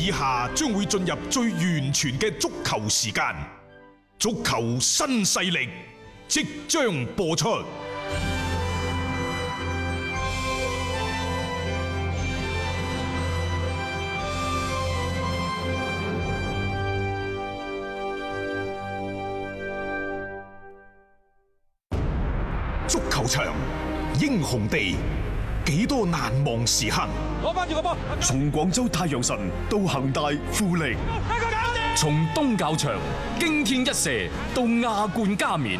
以下將會進入最完全嘅足球時間，足球新勢力即將播出。足球場，英雄地。幾多難忘時刻？攞翻住個波！從廣州太陽神到恒大富力，從東較場驚天一射到亞冠加冕，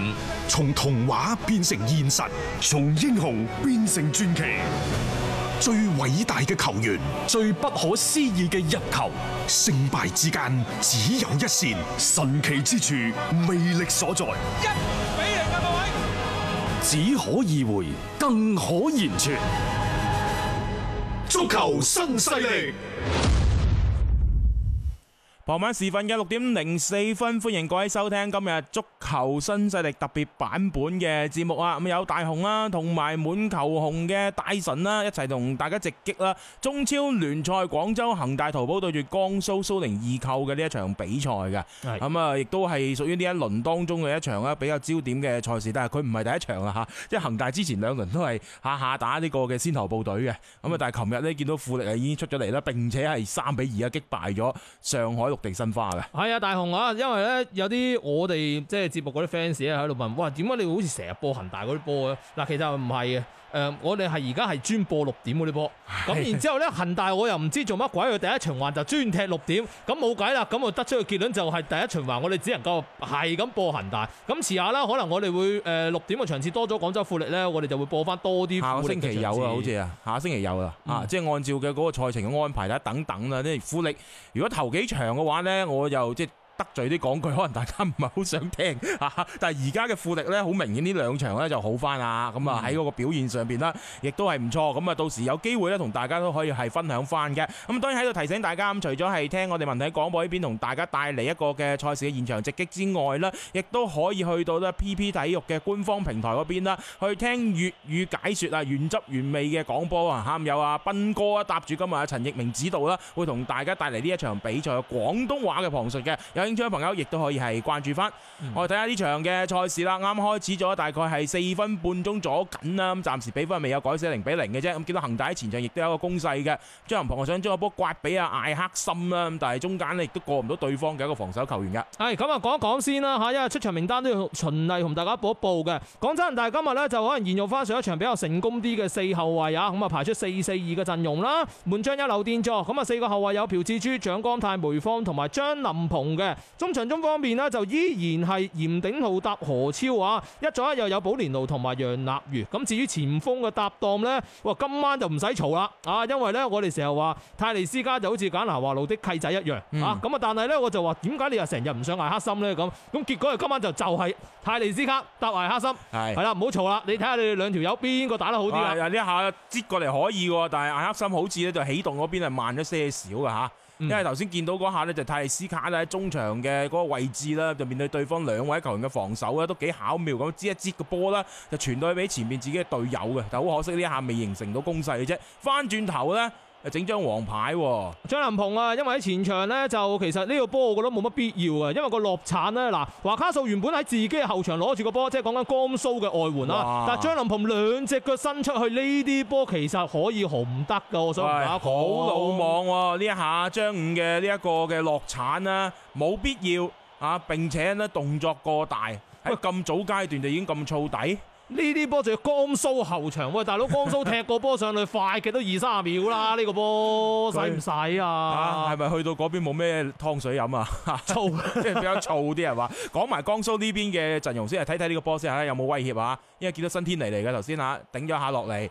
從童話變成現實，從英雄變成傳奇。最偉大嘅球員，最不可思議嘅入球，勝敗之間只有一線，神奇之處，魅力所在。只可意會，更可言傳。足球新勢力。傍晚時分嘅六點零四分，歡迎各位收聽今日足球新勢力特別版本嘅節目啊！咁有大雄啦，同埋滿球紅嘅大神啦，一齊同大家直擊啦！中超聯賽廣州恒大淘寶對住江蘇蘇寧易購嘅呢一場比賽嘅，咁啊，亦都係屬於呢一輪當中嘅一場啦，比較焦點嘅賽事。但係佢唔係第一場啦吓，即係恒大之前兩輪都係下下打呢個嘅先頭部隊嘅。咁啊，但係琴日咧見到富力啊已經出咗嚟啦，並且係三比二啊擊敗咗上海六。地申花嘅，係啊，大雄啊，因為咧有啲我哋即係節目嗰啲 fans 咧喺度問，哇，點解你好似成日播恒大嗰啲波咧？嗱，其實唔係嘅。誒、呃，我哋係而家係專播六點嗰啲波的呢，咁然之後咧恒大我又唔知做乜鬼，佢第一循環就專踢六點，咁冇計啦，咁我得出個結論就係第一循環我哋只能夠係咁播恒大，咁遲下啦，可能我哋會誒、呃、六點嘅場次多咗廣州富力咧，我哋就會播翻多啲。下星期有啦，好似啊！下星期有啦，啊，即係按照嘅嗰個賽程嘅安排，等等等啦。啲富力如果頭幾場嘅話咧，我又即係得罪啲講句，可能大家唔係好想聽，但係而家嘅富力呢，好明顯呢兩場呢就好翻啊！咁啊喺嗰個表現上面啦，亦都係唔錯。咁啊到時有機會呢，同大家都可以係分享翻嘅。咁當然喺度提醒大家除咗係聽我哋文體廣播呢邊同大家帶嚟一個嘅賽事嘅現場直擊之外啦，亦都可以去到呢 PP 體育嘅官方平台嗰邊啦，去聽粵語解說啊，原汁原味嘅廣播啊嚇，還有啊斌哥啊搭住今日阿陳奕明指導啦，會同大家帶嚟呢一場比賽廣東話嘅旁述嘅。英超朋友亦都可以係關注翻，我哋睇下呢場嘅賽事啦。啱啱開始咗，大概係四分半鐘咗緊啦。咁暫時比分未有改寫零比零嘅啫。咁見到恒大喺前場亦都有個攻勢嘅，張林鵬想將個波刮俾阿艾克森啊。咁但係中間亦都過唔到對方嘅一個防守球員嘅。係咁啊，講一講先啦嚇，因為出場名單都要循例同大家報一報嘅。講真，但係今日呢，就可能延用翻上一場比較成功啲嘅四後衞啊，咁啊排出四四二嘅陣容啦。門將有劉殿座，咁啊四個後衞有朴志洙、蔣光太、梅方同埋張林鵬嘅。中場中方面呢，就依然係嚴鼎皓搭何超啊，一左一右有保連奴同埋楊立瑜。咁至於前鋒嘅搭檔呢，哇今晚就唔使嘈啦啊，因為呢，我哋成日話泰尼斯卡就好似簡拿華路的契仔一樣啊。咁啊，但係呢，我就話點解你又成日唔上艾克森呢？咁，咁結果今晚就就係泰尼斯卡搭艾克森，係啦，唔好嘈啦。你睇下你哋兩條友邊個打得好啲啊？呢、哎、下擠過嚟可以喎，但係艾克森好似咧就起動嗰邊係慢咗些少嘅。因為頭先見到嗰下呢，就泰利斯卡啦喺中場嘅嗰個位置啦，就面對對方兩位球員嘅防守咧，都幾巧妙咁，擠一擠個波啦，就傳到去俾前面自己嘅隊友嘅，但好可惜呢一下未形成到攻勢嘅啫，翻轉頭呢。整張黃牌喎、哦，張林鵬啊，因為喺前場呢，就其實呢個波我覺得冇乜必要啊，因為個落產呢，嗱，華卡素原本喺自己後場攞住個波，即係講緊江蘇嘅外援啊。但係張林鵬兩隻腳伸出去呢啲波其實可以紅得噶，我想講，好魯莽喎、哦，呢一下張五嘅呢一個嘅落產啦，冇必要啊，並且呢動作過大，咁早階段就已經咁燥底。哎哎呢啲波就係江蘇後場喂，大佬，江蘇踢個波上去快嘅都二三十秒啦，呢個波使唔使啊？係咪去到嗰邊冇咩湯水飲啊？燥，即係比較燥啲係嘛。講埋江蘇呢邊嘅陣容先，係睇睇呢個波先嚇，有冇威脅啊？因為見到新天嚟嚟嘅頭先嚇，頂咗下落嚟。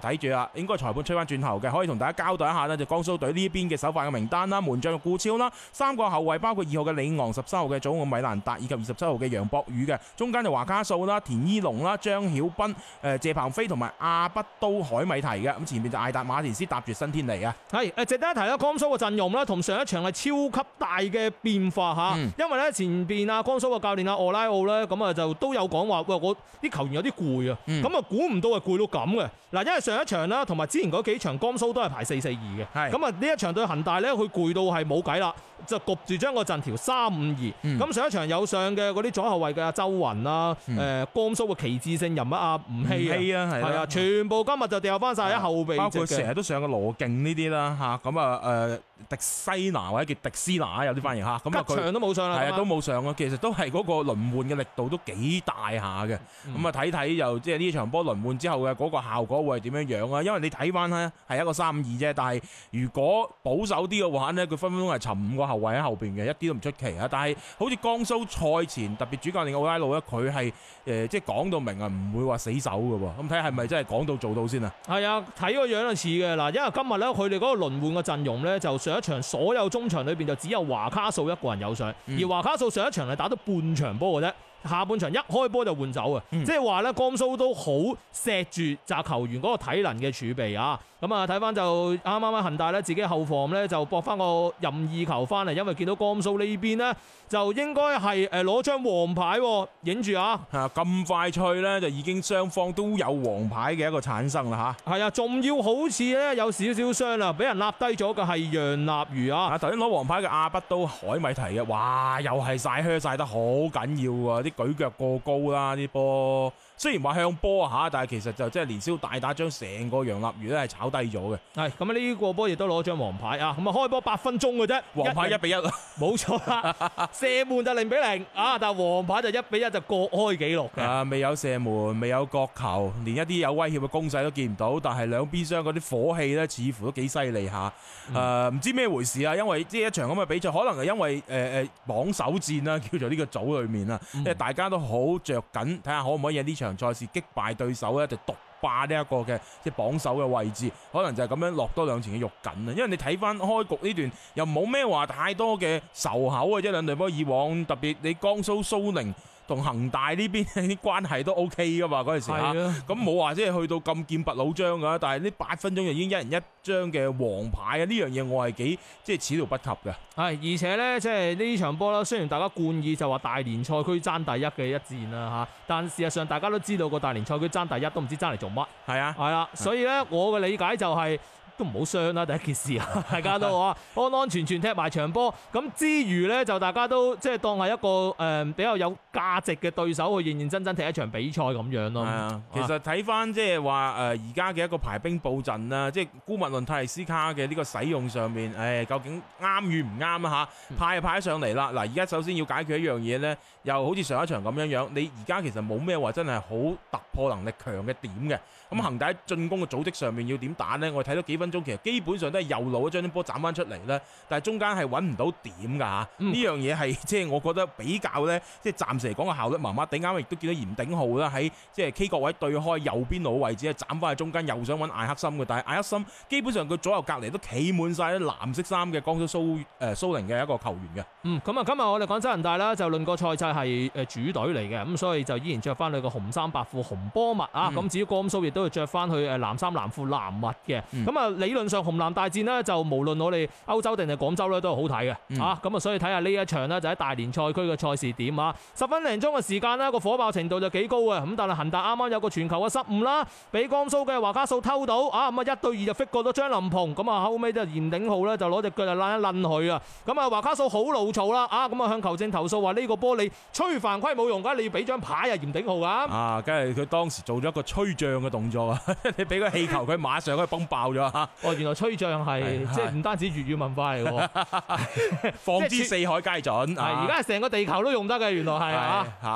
睇住啊，應該裁判吹翻轉頭嘅，可以同大家交代一下呢就江蘇隊呢邊嘅首發嘅名單啦，門將顧超啦，三個後衞包括二號嘅李昂、十三號嘅祖奧米蘭達以及二十七號嘅楊博宇嘅，中間就華卡素啦、田依龍啦、張曉斌、誒謝鵬飛同埋阿不都海米提嘅，咁前面就艾達馬連斯搭住新天嚟嘅。係值得一提啦，江蘇嘅陣容咧，同上一場係超級大嘅變化嚇、嗯，因為呢，前邊啊江蘇嘅教練阿奧拉奧呢，咁啊就都有講話，喂我啲球員有啲攰啊，咁啊估唔到係攰到咁嘅，嗱因上一場啦，同埋之前嗰幾場，江蘇都係排四四二嘅。係，咁啊，呢一場對恒大咧，佢攰到係冇計啦。就焗住將個陣條三五二，咁上一場有上嘅嗰啲左後衞嘅阿周雲啊，誒、嗯呃、江蘇嘅旗幟性人物阿吳曦啊，係啊，全部今日就掉翻晒喺後備，包括成日都上嘅羅勁呢啲啦嚇，咁啊誒、啊呃、迪西拿或者叫迪斯拿、啊、有啲翻譯嚇，咁場都冇上啦，係啊，都冇上啊，其實都係嗰個輪換嘅力度都幾大下嘅，咁、嗯、啊睇睇又即係呢場波輪換之後嘅嗰個效果會點樣樣啊？因為你睇翻呢，係一個三五二啫，但係如果保守啲嘅話呢，佢分分鐘係沉五個。在後衛喺後邊嘅一啲都唔出奇啊！但係好似江蘇賽前特別主教練奧拉魯咧，佢係誒即係講到明啊，唔會話死守噶。咁睇係咪真係講到做到先啊？係啊，睇個樣就似嘅。嗱，因為今日咧，佢哋嗰個輪換嘅陣容咧，就上一場所有中場裏邊就只有華卡素一個人有上，嗯、而華卡素上一場係打到半場波嘅啫。下半場一開波就換走啊，嗯、即係話咧，江蘇都好錫住集球員嗰個體能嘅儲備啊，咁啊睇翻就啱啱啊恒大咧自己後防咧就搏翻個任意球翻嚟，因為見到江蘇呢邊呢。就應該係誒攞張黃牌影住啊，啊！咁快脆咧，就已經雙方都有黃牌嘅一個產生啦吓。係啊，仲要好似咧有少少傷啦，俾人立低咗嘅係楊立瑜啊！啊頭先攞黃牌嘅阿不都海米提嘅，哇又係晒靴晒得好緊要啊！啲舉腳過高啦，啲波。雖然話向波吓，但係其實就即係連消大打，將成個楊立瑜都係炒低咗嘅。係咁呢個波亦都攞張黃牌啊！咁啊，開波八分鐘嘅啫，黃牌一比一，冇錯 啦，射門就零比零啊，但係黃牌就一比一就各開紀錄啊，未有射門，未有角球，連一啲有威脅嘅攻勢都見唔到，但係兩邊廂嗰啲火氣咧，似乎都幾犀利吓。誒、嗯、唔、啊、知咩回事啊？因為呢一場咁嘅比賽，可能係因為誒誒榜首戰啦，叫做呢個組裏面啊，即、嗯、係大家都好着緊，睇下可唔可以呢場。賽事擊敗對手咧、這個，就獨霸呢一個嘅即係榜首嘅位置，可能就係咁樣落多兩前嘅肉緊啊！因為你睇翻開局呢段又冇咩話太多嘅仇口啊，即係兩隊波以往特別你江蘇蘇寧。蘇寧同恒大呢邊啲關係都 OK 噶嘛，嗰陣時啊，咁冇話即係去到咁劍拔弩張噶，但係呢八分鐘就已經一人一張嘅黃牌啊！呢樣嘢我係幾即係始料不及嘅。係而且呢，即係呢場波啦，雖然大家冠意就話大連賽區爭第一嘅一戰啦，但事實上大家都知道個大連賽區爭第一都唔知爭嚟做乜。係啊，係啊。所以呢，我嘅理解就係。係。係嘅係嘅都唔好傷啦，第一件事啊，大家都安安全全踢埋場波。咁之餘呢，就大家都即係、就是、當係一個、呃、比較有價值嘅對手去認認真真踢一場比賽咁、嗯、樣咯。其實睇翻即係話而家嘅一個排兵布陣啦，即係烏物論泰斯卡嘅呢個使用上面，哎、究竟啱與唔啱啊？嚇？派就派上嚟啦。嗱，而家首先要解決一樣嘢呢，又好似上一場咁樣樣，你而家其實冇咩話真係好突破能力強嘅點嘅。咁恒大喺進攻嘅組織上面要點打呢？我睇到幾分。中其實基本上都係右路將啲波斬翻出嚟呢，但係中間係揾唔到點噶吓，呢、嗯、樣嘢係即係我覺得比較呢，即係暫時嚟講個效率，麻麻地啱，亦都見到嚴鼎皓啦，喺即係 K 角位對開右邊路位置係斬翻去中間，又想揾艾克森嘅，但係艾克森基本上佢左右隔籬都企滿晒啲藍色衫嘅江蘇蘇蘇寧嘅一個球員嘅。咁、嗯、啊今日我哋廣州恒大啦，就論個賽制係主隊嚟嘅，咁所以就依然着翻佢個紅衫白褲紅波襪啊，咁、嗯、至於江蘇亦都要着翻去誒藍衫藍褲藍襪嘅，咁啊。理論上紅藍大戰呢，就無論我哋歐洲定係廣州咧都係好睇嘅吓，咁啊，所以睇下呢一場呢，就喺大連賽區嘅賽事點啊，十分零鐘嘅時間呢，個火爆程度就幾高啊。咁但係恒大啱啱有個傳球嘅失誤啦，俾江蘇嘅華卡素偷到啊，咁啊一對二就識過咗張琳芃，咁啊後尾就嚴鼎皓呢，就攞隻腳就掹一掹佢啊，咁啊華卡素好老嘈啦啊，咁啊向球證投訴話呢個波你吹犯規冇用噶，你要俾張牌浩啊嚴鼎皓啊，啊梗係佢當時做咗一個吹脹嘅動作啊 你俾個氣球佢馬上佢崩爆咗。哦，原來吹脹係即係唔單止粵語文化嚟喎，放之四海皆準。而家係成個地球都用得嘅，原來係啊嚇。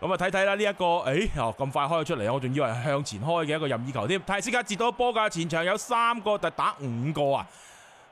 咁啊睇睇啦，呢一個，哎，咁，哦，快開咗出嚟，我仲以為向前開嘅一個任意球添。泰斯卡即刻截到波架，前場有三個，特打五個啊！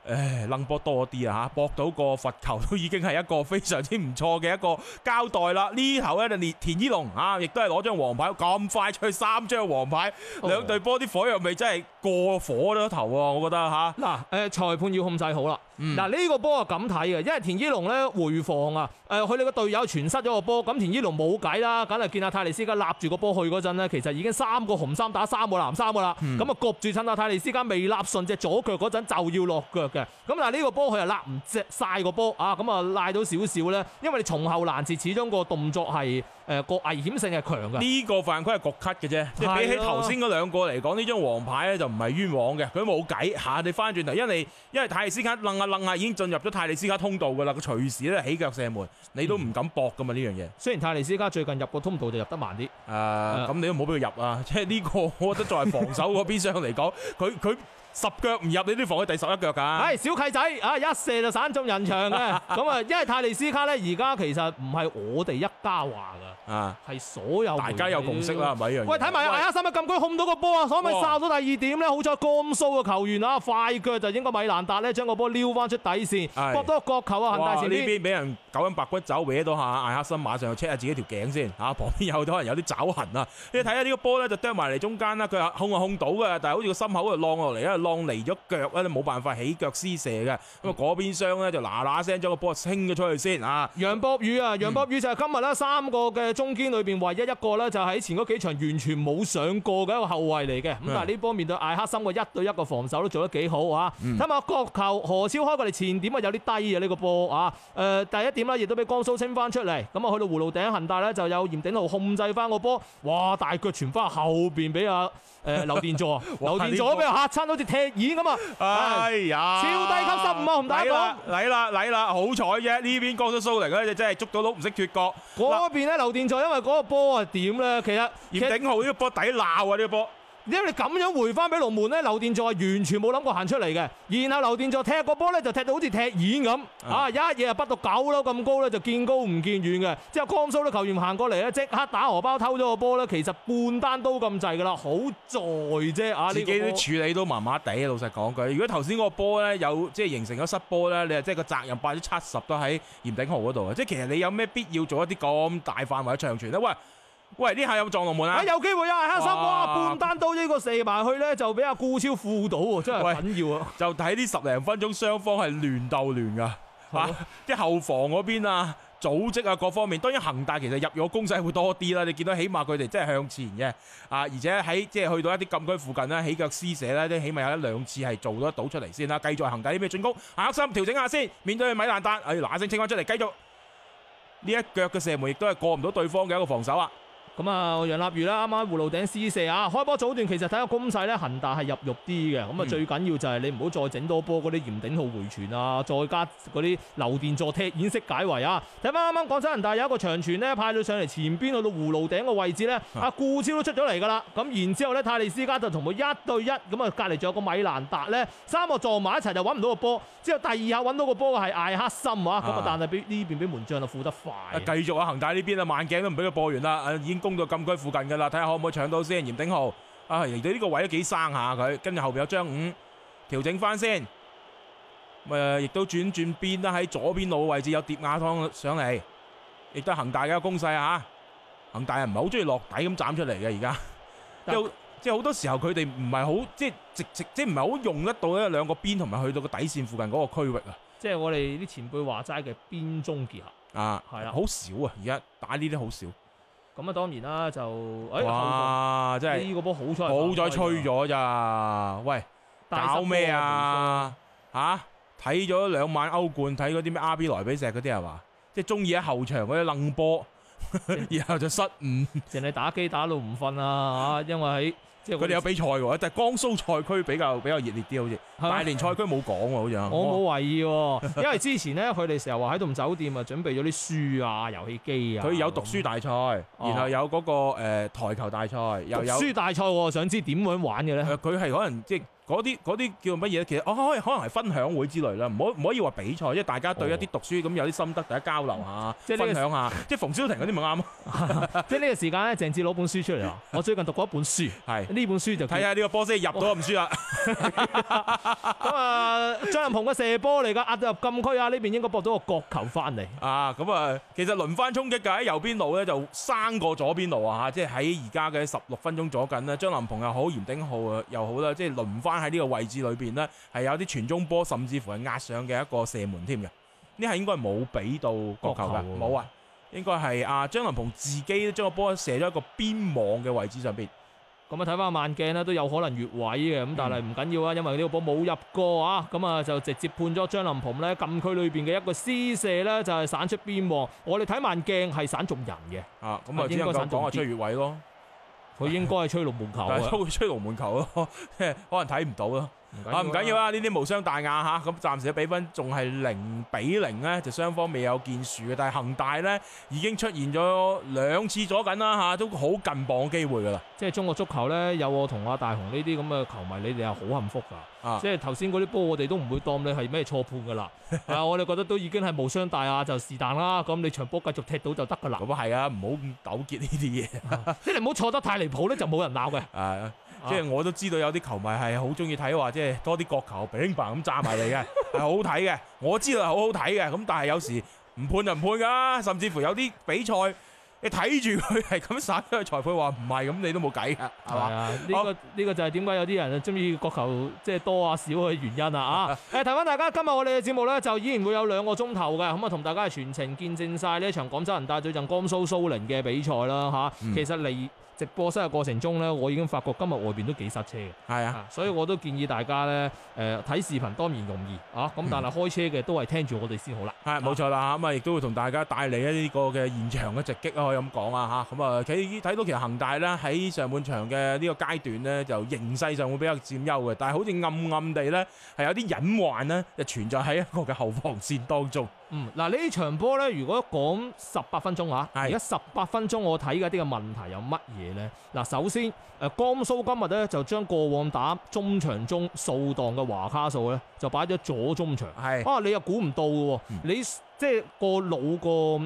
誒，能波多啲啊吓，博到個罰球都已經係一個非常之唔錯嘅一個交代啦。呢頭咧就田田依龍啊，亦都係攞張黃牌，咁快出去三張黃牌，兩隊波啲火藥味真係過火咗頭，我覺得吓。嗱、啊，誒裁判要控制好啦。嗱、嗯、呢、呢個波啊咁睇嘅，因為田依龍咧回防啊，誒佢哋個隊友全失咗個波，咁田依龍冇計啦，梗係見阿泰利斯卡立住個波去嗰陣咧，其實已經三個紅衫打三個藍衫噶啦。咁啊焗住趁阿泰利斯卡未立順隻左腳嗰陣就要落腳。嘅，咁嗱呢個波佢又拉唔即曬個波啊，咁啊拉到少少咧，因為你從後攔截，始終個動作係誒個危險性係強嘅。呢、呢個犯規係局咳嘅啫，即比起頭先嗰兩個嚟講，呢張黃牌咧就唔係冤枉嘅，佢冇計嚇你翻轉頭，因為因為泰利斯卡楞下楞下已經進入咗泰利斯卡通道㗎啦，佢隨時咧起腳射門，你都唔敢搏噶嘛呢樣嘢。雖然泰利斯卡最近入個通道就入得慢啲，誒、呃、咁你都冇俾佢入啊！即呢個，我覺得作為防守嗰邊上嚟講，佢 佢。十腳唔入，你都防佢第十一腳㗎、啊。係小契仔，啊一射就散足人場嘅。咁啊，因為泰利斯卡咧，而家其實唔係我哋一家話㗎，係 所有的大家有共識啦，係咪喂，睇埋艾克森啊，咁佢控到個波啊，所以咪殺到第二點咧。好彩江蘇嘅球員啊，快腳就應該米蘭達咧，將個波撩翻出底線。係。各多角球啊，恒大前邊。呢邊俾人九陰白骨爪，歪到下。艾克森馬上又 check 下自己條頸先嚇、啊，旁邊有到人有啲爪痕啊、嗯。你睇下呢個波咧，就啄埋嚟中間啦，佢控啊控到㗎，但係好似個心口啊浪落嚟啊。浪嚟咗腳咧，冇辦法起腳施射嘅，咁啊嗰邊箱咧就嗱嗱聲將個波清咗出去先啊！楊博宇啊，楊博宇就係今日啦，三個嘅中堅裏邊唯一一個咧，就喺前嗰幾場完全冇上過嘅一個後衞嚟嘅。咁但係呢波面對艾克森個一對一嘅防守都做得幾好嚇。睇下角球何超開過嚟前點啊，有啲低啊呢個波啊。誒第一點啦，亦都俾江蘇清翻出嚟。咁啊去到葫蘆頂恒大咧就有嚴鼎皓控制翻個波，哇大腳傳翻後邊俾阿誒劉殿座，劉殿座俾人嚇親好似。踢毽咁啊！哎呀，超低級失誤啊！唔抵講，嚟啦嚟啦，好彩啫！呢邊江蘇蘇寧嚟，就真係捉到佬唔識脫角。嗰邊咧劉殿座，因為嗰個波係點咧，其實嚴鼎皓呢個波抵鬧啊！呢個波。因為你咁樣回翻俾龍門呢？劉殿座係完全冇諗過行出嚟嘅。然後劉殿座踢個波呢，就踢到好似踢毽咁啊！一嘢啊，不到九樓咁高呢，就見高唔見遠嘅。之後江蘇咧，球員行過嚟呢，即刻打荷包偷咗個波呢，其實半單刀咁滯噶啦，好在啫啊、這個！自己都處理都麻麻地，老實講句。如果頭先嗰個波呢，有即係形成咗失波呢，你係即係個責任百分之七十都喺嚴鼎豪嗰度啊！即係其實你有咩必要做一啲咁大範圍嘅長傳咧？喂！喂，呢下有冇撞龍門啊？啊，有機會啊！黑心哇，半單刀呢個射埋去咧，就俾阿顧超護到喎，真係緊要啊！就睇呢十零分鐘，雙方係亂鬥亂噶，吓，即係後防嗰邊啊，組織啊，各方面。當然恒大其實入咗攻勢會多啲啦，你見到起碼佢哋真係向前嘅啊，而且喺即係去到一啲禁區附近咧，起腳施射咧，都起碼有一兩次係做得到出嚟先啦。繼續恒大啲咩進攻？黑心調整下先，面對米蘭達，哎，冷靜清翻出嚟，繼續呢一腳嘅射門亦都係過唔到對方嘅一個防守啊！咁啊，楊立瑜啦，啱啱喺葫蘆頂試射啊！開波早段其實睇下攻勢咧，恒大係入肉啲嘅。咁啊，最緊要就係你唔好再整多波嗰啲嚴頂號回傳啊，再加嗰啲流電座踢掩飾解圍啊！睇翻啱啱廣州恒大有一個長傳咧，派到上嚟前邊去到葫蘆頂嘅位置咧，阿顧超都出咗嚟噶啦。咁然之後咧，泰利斯加就同佢一對一，咁啊隔籬仲有個米蘭達咧，三個撞埋一齊就揾唔到個波。之後第二下揾到個波係艾克森啊，咁啊但係俾呢邊俾門將就負得快。繼續啊，恒大呢邊啊，慢鏡都唔俾佢播完啦，攻到禁區附近嘅啦，睇下可唔可以搶到先。嚴鼎皓，啊，人哋呢個位都幾生下佢。跟住後邊有張五調整翻先。咁、啊、亦都轉轉邊啦，喺左邊路位置有碟亞湯上嚟，亦都係恒大嘅一個攻勢啊。恒大又唔係好中意落底咁斬出嚟嘅而家，即係好多時候佢哋唔係好即係直直即係唔係好用得到呢兩個邊同埋去到個底線附近嗰個區域啊。即係我哋啲前輩話齋嘅邊中結合啊，係啦，好少啊，而家打呢啲好少。咁啊，當然啦，就、哎、哇，真係呢個波好彩，好彩吹咗咋？喂，搞咩啊？嚇，睇咗兩晚歐冠，睇嗰啲咩 RB 萊比錫嗰啲係嘛？即係中意喺後場嗰啲掹波，然後就失誤，淨係打機打到唔瞓啊嚇，因為喺。即係佢哋有比賽喎，但係江蘇賽區比較比較熱烈啲，好似大連賽區冇講喎，好似我冇懷疑喎，因為之前咧佢哋成日話喺度酒店啊，準備咗啲書啊、遊戲機啊。佢有讀書大賽，然後有嗰個台球大賽。又有書大賽，我想知點樣玩嘅咧？佢係可能即嗰啲啲叫乜嘢，其實我可、哦、可能係分享會之類啦，唔可唔可以話比賽，因為大家對一啲讀書咁有啲心得，哦、大家交流一下，即係分享下， 即係馮瀟霆嗰啲咪啱咯。即係呢個時間咧，鄭智攞本書出嚟啦。 我最近讀過一本書，係呢本書就睇下呢個波斯入咗唔輸啊！咁 啊，張林鵬嘅射波嚟噶，壓到入禁區啊！呢邊應該博到個角球翻嚟啊！咁啊，其實輪番衝擊嘅喺右邊路咧就生過左邊路啊！吓，即係喺而家嘅十六分鐘左近呢，張林鵬又好，嚴鼎浩又好啦，即係輪翻喺呢個位置裏邊呢，係有啲傳中波，甚至乎係壓上嘅一個射門添嘅。呢係應該係冇俾到角球噶，冇啊！應該係阿張林鵬自己將個波射咗一個邊網嘅位置上邊。咁啊，睇翻個慢鏡咧都有可能越位嘅，咁但係唔緊要啊，因為呢個波冇入過啊，咁啊就直接判咗張林鵬咧禁區裏邊嘅一個施射咧就係、是、散出邊，我哋睇慢鏡係散中人嘅，啊，咁啊應該講係吹越位咯，佢應該係吹龍門球啊，吹吹龍門球咯，可能睇唔到咯。吓，唔緊要啦，呢、啊、啲、啊、無傷大雅吓，咁、啊、暫時嘅比分仲係零比零呢就雙方未有見樹嘅，但係恆大呢已經出現咗兩次咗緊啦吓，都好近磅機會噶啦。即係中國足球呢，有我同阿大雄呢啲咁嘅球迷，你哋係好幸福噶、啊。即係頭先嗰啲波，我哋都唔會當你係咩錯判噶啦。 啊，我哋覺得都已經係無傷大雅，就是但啦。咁你場波繼續踢到就得噶啦。咁係係啊，唔好咁糾結呢啲嘢。即係你唔好錯得太離譜呢就冇人鬧嘅。啊啊、即係我都知道有啲球迷係好中意睇，話即係多啲國球乒乓咁炸埋嚟嘅，係 好好睇嘅。我知道係好好睇嘅，咁但係有時唔判就唔判噶，甚至乎有啲比賽你睇住佢係咁樣去，裁判話唔係，咁你都冇計嘅，係嘛、啊？呢、這個呢、這個就係點解有啲人啊中意國球即係多啊少嘅原因啊！啊，誒，提翻大家，今日我哋嘅節目咧就依然會有兩個鐘頭嘅，咁啊同大家係全程見證晒呢一場廣州恆大對陣江蘇蘇寧嘅比賽啦嚇、嗯。其實嚟。直播室嘅過程中呢，我已經發覺今日外邊都幾塞車嘅，係啊，所以我都建議大家呢，誒睇視頻當然容易啊，咁但係開車嘅都係聽住我哋先好啦。係、嗯、冇、嗯、錯啦，咁啊亦都會同大家帶嚟呢啲個嘅現場嘅直擊啊，可以咁講啊嚇，咁啊睇睇到其實恒大呢喺上半場嘅呢個階段呢，就形勢上會比較佔優嘅，但係好似暗暗地呢，係有啲隱患呢，就存在喺一個嘅後防線當中。嗯，嗱呢場波咧，如果講十八分鐘嚇，而家十八分鐘我睇嘅啲嘅問題有乜嘢咧？嗱，首先誒江蘇今日咧就將過往打中場中掃蕩嘅華卡素咧，就擺咗左中場。啊，你又估唔到喎，嗯、你。即係個腦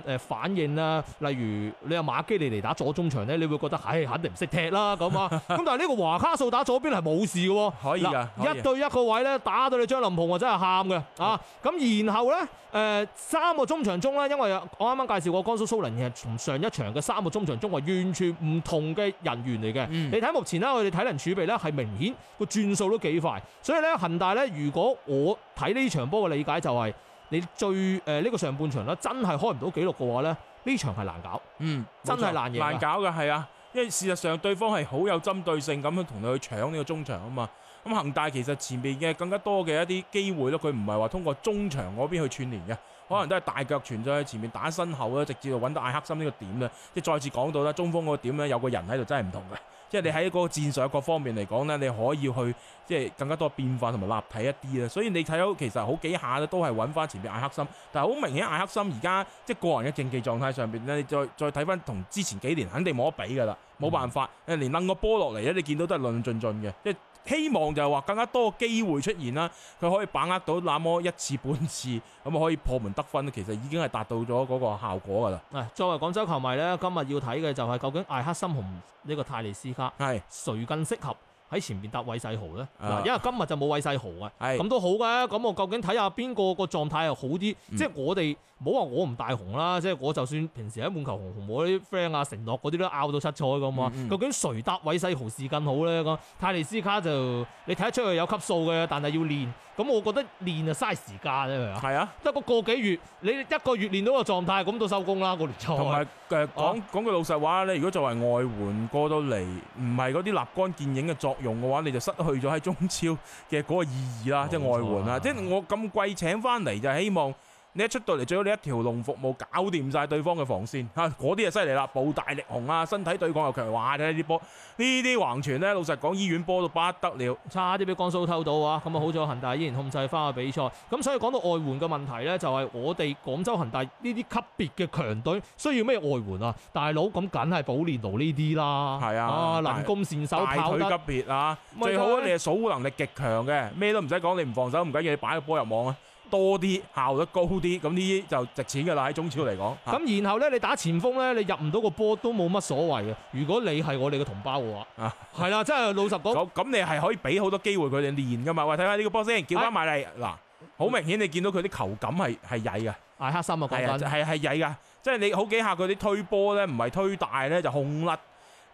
個反應啦，例如你阿馬基里尼打左中場咧，你會覺得唉，肯定唔識踢啦咁啊！咁 但係呢個華卡數打左邊係冇事嘅喎，可以，可以一對一個位咧，打到你張林鴻話真係喊嘅啊！咁然後咧、呃、三個中場中咧，因為我啱啱介紹過江蘇蘇寧其上一場嘅三個中場中係完全唔同嘅人員嚟嘅、嗯。你睇目前咧，佢哋體能儲備咧係明顯個轉數都幾快，所以咧恒大咧，如果我睇呢場波嘅理解就係、是。你最誒呢、呃呢個上半場真係開唔到紀錄嘅話呢，呢場係難搞。嗯，真係難嘢難搞嘅係啊，因為事實上對方係好有針對性咁樣去同你去搶呢個中場啊嘛。咁恒大其實前面嘅更加多嘅一啲機會咯，佢唔係話通過中場嗰邊去串聯嘅。嗯、可能都係大腳傳咗喺前面打身後咧，直至到搵到艾克森呢個點咧。即再次講到啦，中鋒個點咧有個人喺度，真係唔同嘅。即係你喺個戰術各方面嚟講咧，你可以去即更加多變化同埋立體一啲啦。所以你睇到其實好幾下咧都係搵翻前面艾克森，但係好明顯艾克森而家即係個人嘅競技狀態上面咧，你再再睇翻同之前幾年肯定冇得比噶啦，冇、嗯、辦法。誒連掹個波落嚟咧，你見到都係論盡盡嘅，即係。希望就係話更加多機會出現啦，佢可以把握到那麼一次半次，咁啊可以破門得分，其實已經係達到咗嗰個效果噶啦。作為廣州球迷呢，今日要睇嘅就係究竟艾克森同呢個泰利斯卡係誰更適合？喺前面搭韋世豪咧，嗱、uh，因為今日就冇韋世豪啊，咁都好㗎。咁我究竟睇下邊個個狀態又好啲？即、嗯、係、就是、我哋唔好話我唔大紅啦，即、就、係、是、我就算平時喺滿球紅紅，我啲 friend 啊、承諾嗰啲都拗到七彩咁啊、嗯嗯。究竟誰搭韋世豪是更好咧？咁泰尼斯卡就你睇得出佢有級數嘅，但係要練。咁我覺得練就嘥時間啫係啊，得個個幾月，你一個月練到個狀態，咁都收工啦，嗰個聯賽。同埋誒講講句老實話，你如果作為外援過到嚟，唔係嗰啲立竿見影嘅作用嘅話，你就失去咗喺中超嘅嗰個意義啦，即係外援啦，即係、啊、我咁貴請翻嚟就希望。你一出到嚟，最好你一條龍服務搞掂曬對方嘅防線嚇，嗰啲就犀利啦！步大力雄啊，身體對抗又強，哇，睇呢啲波，呢啲橫傳咧，老實講醫院波都不得了，差啲俾江蘇偷到啊！咁啊，好彩恒大依然控制翻個比賽。咁所以講到外援嘅問題咧，就係我哋廣州恒大呢啲級別嘅強隊需要咩外援啊？大佬咁梗係保連奴呢啲啦，係啊，啊能攻善守，跑得大腿級別啊，最好咧你係數能力極強嘅，咩都唔使講，你唔防守唔緊要，你擺個波入網啊！多啲，效率高啲，咁呢啲就值錢㗎啦。喺中超嚟講，咁然後咧，你打前鋒咧，你入唔到個波都冇乜所謂嘅。如果你係我哋嘅同胞嘅話，啊， 係啦，真係老實講，咁你係可以俾好多機會佢哋練噶嘛。喂，睇下呢個波先，叫翻埋嚟。嗱、哎，好明顯你見到佢啲球感係曳嘅，艾、哎、克森啊！嗰啲係曳㗎，即係、就是、你好幾下佢啲推波咧，唔係推大咧就控甩。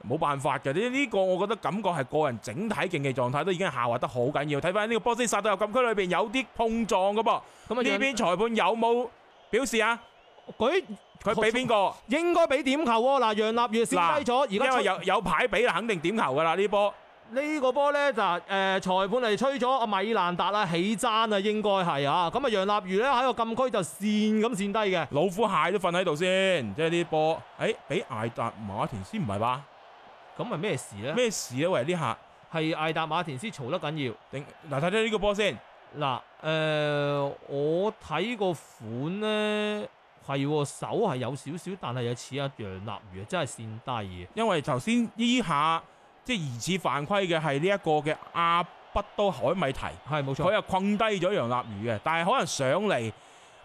冇辦法嘅，呢、這、呢個我覺得感覺係個人整體競技狀態都已經下滑得好緊要。睇翻呢個波先，殺到入禁區裏邊有啲碰撞㗎噃。咁啊，呢邊裁判有冇表示啊？佢佢俾邊個？應該俾點球喎？嗱，楊立如跣低咗，而家因為有有，有牌俾，肯定點球㗎啦呢波。呢、這個波呢，就、呃、裁判嚟吹咗阿米蘭達啦，起踭啊，應該係啊。咁啊，楊立如呢喺個禁區就跣咁跣低嘅，老虎蟹都瞓喺度先。即係呢波，誒、欸、俾艾達馬田先唔係吧？咁咪咩事咧？咩事咧、啊？喂，呢下係艾達馬田斯嘈得緊要。定嗱，睇睇呢個波先。嗱，誒、呃，我睇個款呢，係手係有少少，但係又似阿楊立瑜係真係線低嘅。因為頭先呢下即係疑似犯規嘅係呢一個嘅阿畢多海米提，係冇錯，佢又困低咗楊立瑜嘅。但係可能上嚟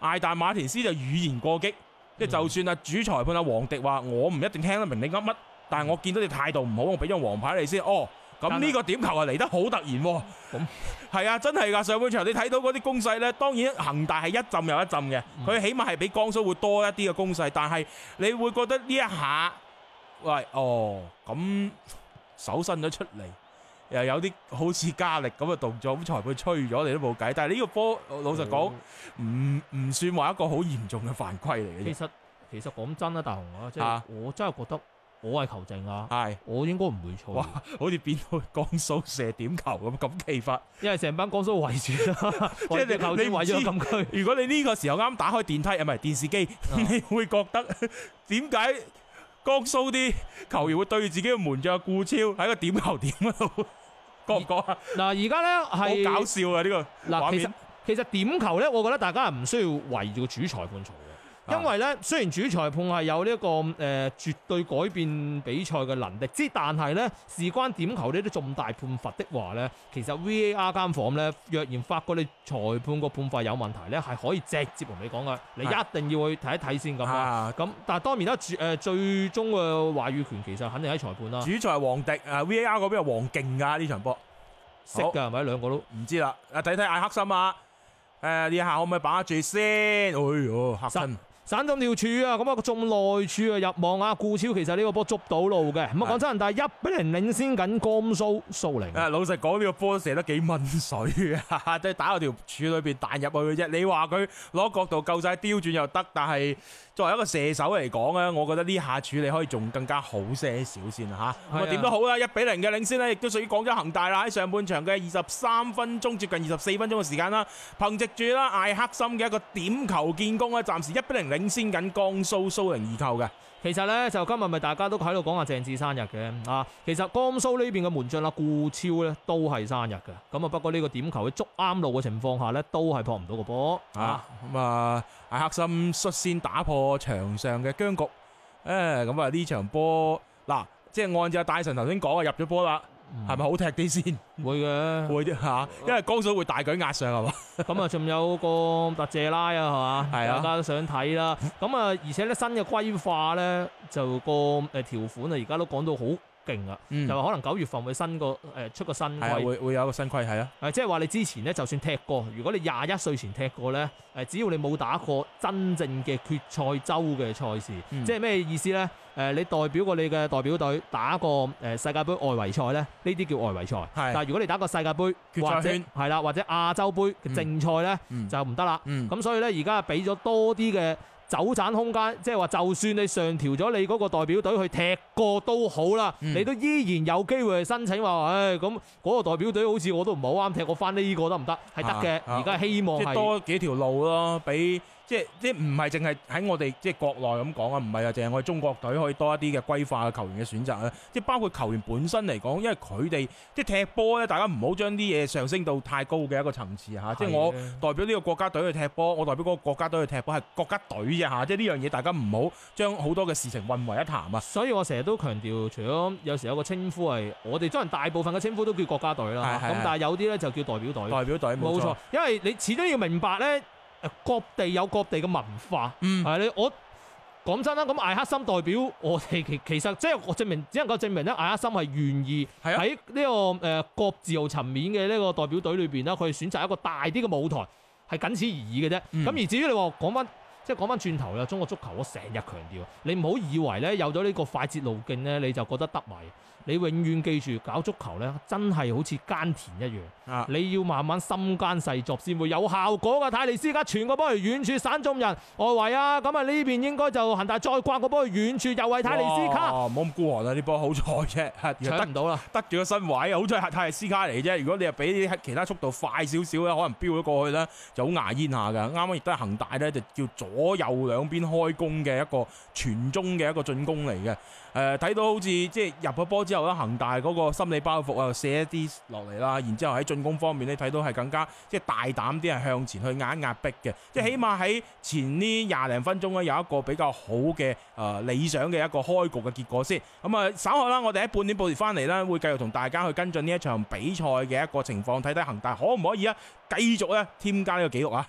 艾達馬田斯就語言過激，即、嗯、係就算阿主裁判阿黃迪話，我唔一定聽得明你噏乜。但係我見到你態度唔好，我俾張黃牌你先。哦，咁呢個點球係嚟得好突然，係啊， 真係噶上半場你睇到嗰啲攻勢呢，當然恒大係一陣又一陣嘅，佢、嗯、起碼係比江蘇會多一啲嘅攻勢。但係你會覺得呢一下，喂、哎，哦，咁手伸咗出嚟，又有啲好似加力咁嘅動作，咁裁判吹咗你都冇計。但係呢個波，老實講，唔、嗯、唔算話一個好嚴重嘅犯規嚟嘅。其實其實講真啊，大雄啊，即、就、係、是、我真係覺得。我係球證啊！係，我應該唔會錯。哇！好似變到江蘇射點球咁咁奇法，因為成班江蘇圍住啦，即 係你圍你咗咁，如果你呢個時候啱打開電梯啊，唔係電視機，你會覺得點解江蘇啲球員會對自己嘅門將顧超喺個點球點嗰度？ 覺唔覺啊？嗱，而家咧係好搞笑啊！呢個嗱，其實其實點球咧，我覺得大家唔需要圍住個主裁判裁。因為咧，雖然主裁判係有呢一個誒絕對改變比賽嘅能力，之但係咧事關點球呢啲重大判罰的話咧，其實 V A R 間房咧，若然發覺你裁判個判罰有問題咧，係可以直接同你講噶，你一定要去睇一睇先咁。咁但係當然啦，誒最終嘅話語權其實肯定喺裁判啦。主裁王迪，V A R 嗰邊係王勁噶呢場波，識噶係咪？兩個都唔知啦。啊睇睇艾克森啊，誒呢下可唔可以把握住先？哎喲，艾克森。散中條柱啊，咁啊仲內柱啊入網啊，顧超其實呢個波捉到路嘅。咁啊廣州恒大一比零領先緊，江蘇蘇寧。誒，老實講呢、呢個波射得幾蚊水啊，即 係打到條柱裏面彈入去嘅啫。你話佢攞角度夠晒，刁轉又得，但係。作為一個射手嚟講呢，我覺得呢下處理可以仲更加好些少先啦，嚇。點都好啦，一比零嘅領先呢亦都屬於講州恒大啦，喺上半場嘅二十三分鐘接近二十四分鐘嘅時間啦，憑藉住啦艾克森嘅一個點球建功咧，暫時一比零領先緊江蘇蘇寧易購嘅。其實呢，就今日咪大家都喺度講下鄭智生日嘅啊，其實江蘇呢邊嘅門將啦顧超咧都係生日嘅。咁啊不過呢個點球喺捉啱路嘅情況下呢，都係撲唔到個波啊。咁、嗯、啊艾克森率先打破個場上嘅僵局，誒、嗯，咁啊呢場波，嗱，即係按照大神頭先講啊，入咗波啦，係、嗯、咪好踢啲先？會嘅，會啲吓，因為江蘇會大舉壓上係嘛，咁啊仲有個特謝拉啊係嘛，大家都想睇啦，咁啊而且咧新嘅規劃咧就個誒條款啊，而家都講到好。勁、嗯、啊！就話可能九月份會新個誒出個新規，係會會有一個新規係啊。誒，即係話你之前咧，就算踢過，如果你廿一歲前踢過咧，誒，只要你冇打過真正嘅決賽周嘅賽事，嗯、即係咩意思咧？誒，你代表過你嘅代表隊打過誒世界杯外圍賽咧，呢啲叫外圍賽、嗯。但係如果你打過世界杯，或者係啦，或者亞洲杯嘅正賽咧、嗯嗯，就唔得啦。咁、嗯、所以咧，而家俾咗多啲嘅走盞空間，即係話，就算你上調咗你嗰個代表隊去踢過都好啦，嗯、你都依然有機會去申請話，唉、哎，咁、那、嗰個代表隊好似我都唔係好啱踢過、啊啊啊，我翻呢個得唔得？係得嘅，而家希望多幾條路咯，俾。即係啲唔係淨係喺我哋即係國內咁講啊，唔係啊，淨係我哋中國隊可以多一啲嘅歸化嘅球員嘅選擇啊，即係包括球員本身嚟講，因為佢哋即係踢波咧，大家唔好將啲嘢上升到太高嘅一個層次啊，嚇！即係我代表呢個國家隊去踢波，我代表嗰個國家隊去踢波係國家隊啫嚇，即係呢樣嘢大家唔好將好多嘅事情混為一談啊！所以我成日都強調，除咗有時候有個稱呼係我哋通常大部分嘅稱呼都叫國家隊啦，咁但係有啲咧就叫代表隊。代表隊冇錯，因為你始終要明白咧。各地有各地嘅文化，嗯你，係我講真啦，咁艾克森代表我哋，其其實即係我證明，只能夠證明咧，艾克森係願意喺呢個誒國字號層面嘅呢個代表隊裏邊咧，佢選擇一個大啲嘅舞台，係僅此而，而已嘅啫。咁、嗯、而至於你話講翻，即係講翻轉頭啦，中國足球我成日強調，你唔好以為咧有咗呢個快捷路徑咧，你就覺得得埋。你永遠記住搞足球咧，真係好似耕田一樣，啊，你要慢慢心耕細作先會有效果㗎。泰利斯卡傳個波去遠處散中人外圍啊！咁啊呢邊應該就恒大再刮個波去遠處又係泰利斯卡，唔好咁孤寒啦！呢波好彩啫，又得唔到啦，得住個身位好彩係泰利斯卡嚟啫。如果你係俾其他速度快少少咧，可能飆咗過去咧就好牙煙下㗎。啱啱亦都係恒大咧就叫左右兩邊開弓嘅一個傳中嘅一個進攻嚟嘅。誒，睇到好似即係入咗波之後咧，恒大嗰個心理包袱啊，卸一啲落嚟啦。然之後喺進攻方面咧，睇到係更加即係大膽啲，係向前去壓一壓逼嘅。即係起碼喺前呢廿零分鐘咧，有一個比較好嘅誒理想嘅一個開局嘅結果先。咁啊，稍後啦，我哋喺半點報時翻嚟啦，會繼續同大家去跟進呢一場比賽嘅一個情況，睇睇恒大可唔可以啊繼續咧添加呢個紀錄啊！